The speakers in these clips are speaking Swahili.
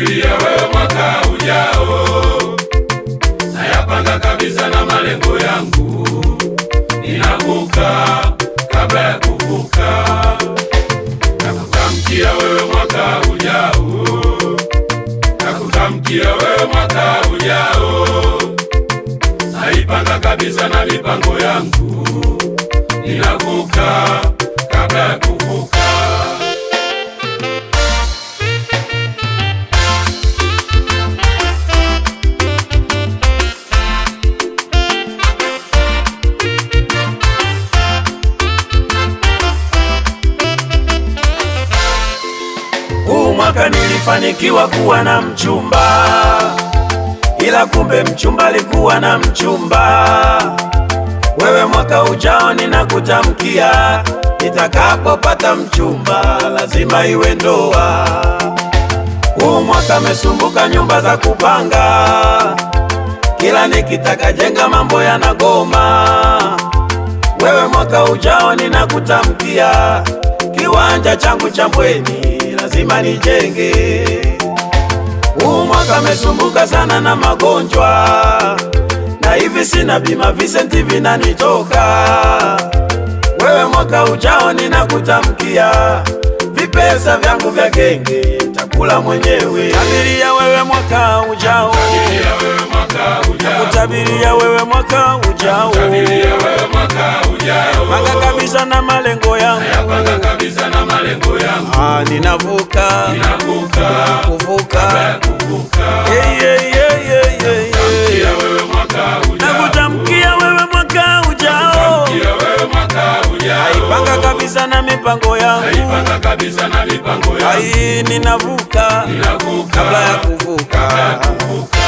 Fikiria wewe mwaka ujao, nayapanga kabisa na malengo yangu, ninavuka kabla ya kuvuka, nakutamkia wewe mwaka ujao, nakutamkia wewe mwaka ujao, naipanga kabisa na mipango yangu Nilifanikiwa kuwa na mchumba, ila kumbe mchumba alikuwa na mchumba. Wewe mwaka ujao ninakutamkia, nitakapopata mchumba lazima iwe ndoa. Huu mwaka mesumbuka nyumba za kupanga, kila nikitaka jenga mambo yanagoma. Wewe mwaka ujao ninakutamkia, kiwanja changu cha Mbweni lazima nijenge. Huu mwaka amesumbuka sana na magonjwa, na hivi sina bima visenti vinanitoka. Wewe mwaka ujao ninakutamkia, vipesa vyangu vya genge takula mwenyewe. Abiria wewe mwaka ujao Nakutabiria wewe mwaka ujao, napanga kabisa na malengo yangu, ah, ninavuka kuvuka wewe mwaka ujao, kabisa na mipango yangu, ninavuka kabla ya kuvuka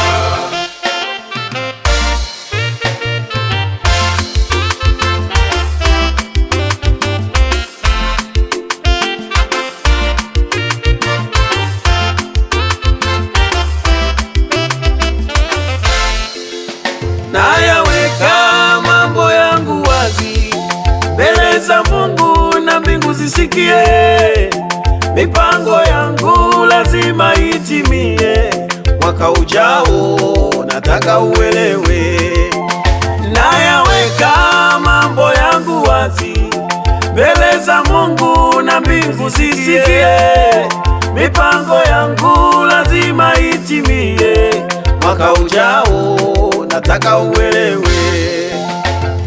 za Mungu na mbingu zisikie, mipango yangu lazima itimie. Mwaka ujao nataka uelewe, nayaweka mambo yangu wazi mbele za Mungu na mbingu zisikie, mipango yangu lazima itimie. Mwaka ujao nataka uelewe.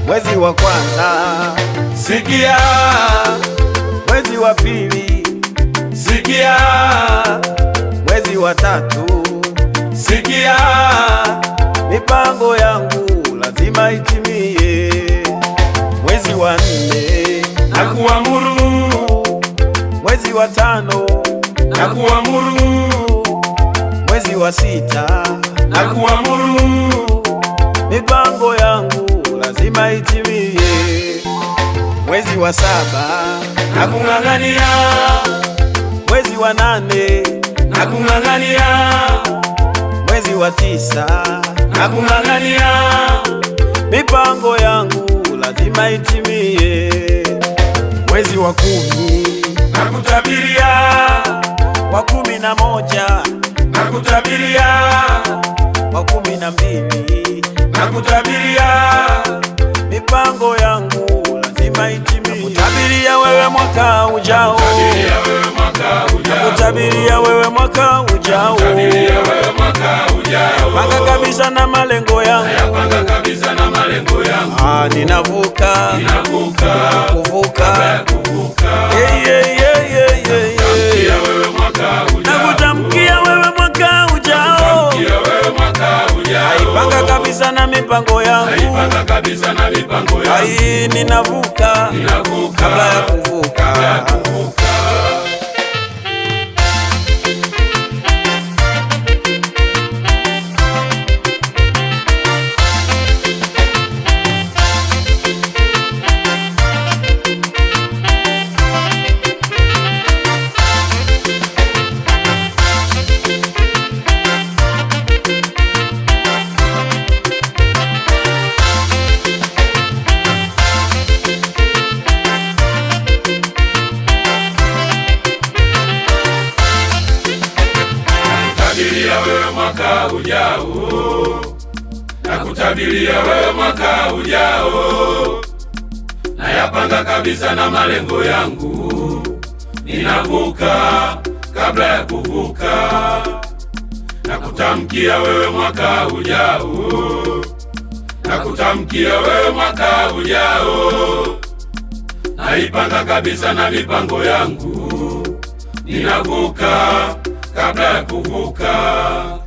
Mwezi wa kwanza Sikia mwezi wa pili, sikia mwezi wa tatu, sikia mipango yangu lazima itimie. Mwezi wa nne nakuamuru, mwezi wa tano na kuamuru mwezi wa sita nakuamuru, mipango yangu lazima itimie mwezi wa saba nakung'ang'ania, mwezi wa nane nakung'ang'ania, mwezi wa tisa nakung'ang'ania, mipango yangu lazima itimie. Mwezi wa kumi nakutabiria, wa kumi na moja nakutabiria, wa kumi na mbili nakutabiria Nakutabiria wewe mwaka ujao, panga kabisa na malengo yangu, ah, ninavuka kuvuka Naipanga kabisa na mipango yangu, ninavuka kabla ya kuvuka. ujao ujao, nakutabiria wewe mwaka ujao, nayapanga kabisa na malengo yangu, ninavuka kabla ya kuvuka, nakutamkia wewe mwaka ujao, nakutamkia wewe mwaka ujao, naipanga kabisa na mipango yangu, ninavuka kabla ya kuvuka.